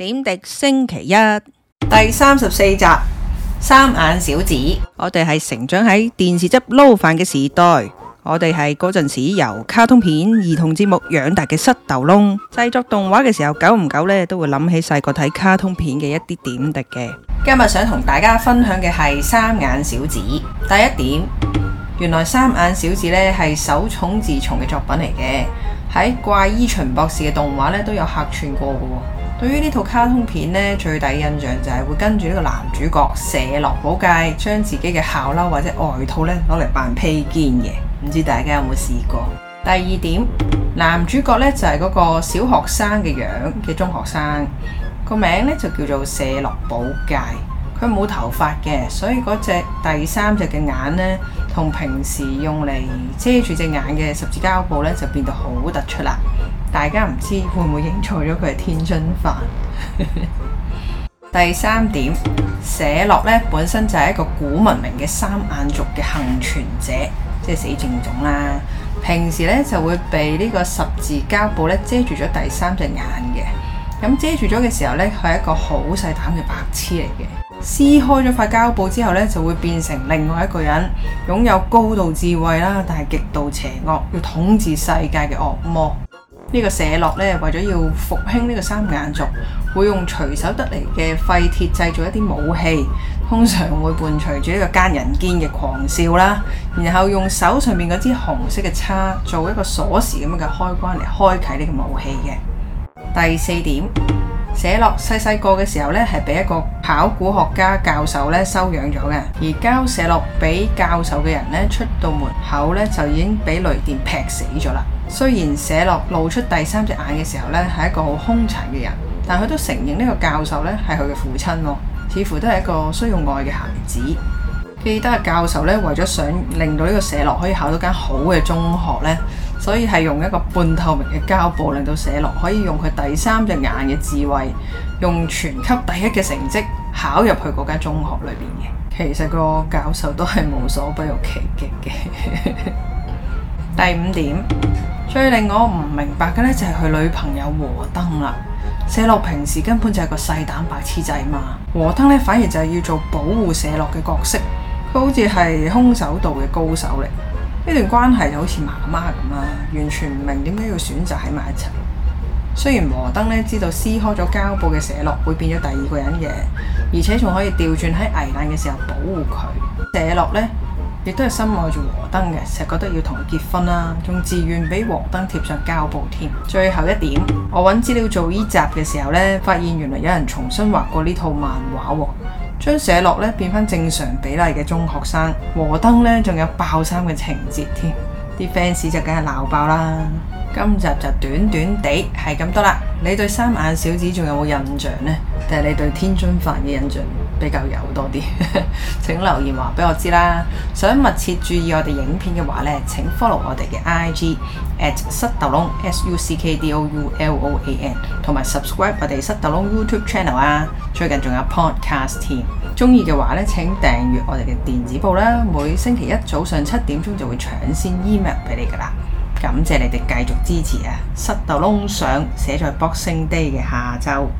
點滴星期一第三十四集《三眼小子》， 我哋係成長喺電視汁撈飯嘅時代，我哋係嗰陣時由卡通片、兒童節目養大嘅塞豆窿。製作動畫嘅時候，久唔久呢，都會諗起細個睇卡通片嘅一啲點滴嘅。今日想同大家分享嘅係《三眼小子》。第一點，原來《三眼小子》呢係手塚治虫嘅作品嚟嘅，喺怪醫秦博士嘅動畫呢，都有客串過嘅。對於呢套卡通片呢，最第一印象就係會跟住呢個男主角寫樂保介，將自己嘅校褸或者外套呢攞嚟扮披肩嘅，唔知大家有冇試過？第二點，男主角呢就係嗰個小學生嘅樣嘅中學生，個名呢就叫做寫樂保介，佢冇頭髮嘅，所以嗰隻第三隻嘅眼呢，同平時用嚟遮住隻眼嘅十字膠布呢，就變到好突出啦。大家唔知會唔會認錯咗佢係天津飯。 第三點，寫落咧本身就係一個古文明嘅三眼族嘅幸存者，即係死剩種啦。平時咧就會被呢個十字膠布咧遮住咗第三隻眼嘅。咁遮住咗嘅時候咧，佢係一個好細膽嘅白痴嚟嘅。撕開咗塊膠布之後咧，就會變成另外一個人，擁有高度智慧啦，但係極度邪惡，要統治世界嘅惡魔。個社呢個寫落咧，為咗要復興呢個三眼族，會用隨手得嚟嘅廢鐵製造一啲武器，通常會伴隨住一個奸人堅嘅狂笑啦，然後用手上面嗰支紅色嘅叉，做一個鎖匙咁嘅開關嚟開啟呢個武器嘅。第四點。舍洛細細個嘅時候呢，係俾一個考古學家教授呢收養咗嘅。而交舍洛俾教授嘅人呢，出到門口呢，就已經俾雷電劈死咗啦。雖然舍洛露出第三隻眼嘅時候呢，係一個好兇殘嘅人，但佢都承認呢個教授呢係佢嘅父親，似乎都係一個需要愛嘅孩子。記得教授呢，為咗想令到呢個舍洛可以考到間好嘅中學呢。所以係用一個半透明嘅膠布，令到寫樂可以用佢第三隻眼嘅智慧，用全級第一嘅成績考入去嗰間中學裏邊嘅。其實個教授都係無所不用其極嘅。 第五點，最令我唔明白嘅呢就係、是、佢女朋友和登啦。寫樂平時根本就係個細膽白痴仔嘛，和登呢反而就係要做保護寫樂嘅角色，佢好似係空手道嘅高手嚟。呢段關係就好似媽媽咁啦，完全唔明點解要選擇喺埋一齊。雖然和登呢知道撕開咗膠布嘅謝落會變咗第二個人嘅，而且仲可以調轉喺危難嘅時候保護佢。謝落呢，亦都係深愛住和登嘅，成日覺得要同佢結婚啦，仲自願俾和登貼上膠布添。最後一點，我揾資料做呢集嘅時候呢，發現原來有人重新畫過呢套漫畫喎。將寫樂咧變翻正常比例嘅中學生，和登呢仲有爆衫嘅情節添，啲 fans 就梗係鬧爆啦。今集就短短地係咁多啦。你對三眼小子仲有冇印象呢？定係你對天津飯嘅印象比較有多啲， 請留言話俾我知啦。想密切注意我哋影片嘅話呢，請 follow 我哋嘅 I G at 塞豆窿 s u c k d o u l o a n，同埋 subscribe 我哋塞豆窿 YouTube channel 啊。最近仲有 podcast 添，中意嘅話呢，請訂閱我哋嘅電子報啦。每星期一早上七點鐘就會搶先 email 俾你噶啦。感謝你哋繼續支持啊！塞到窿上，寫在 Boxing Day 嘅下周。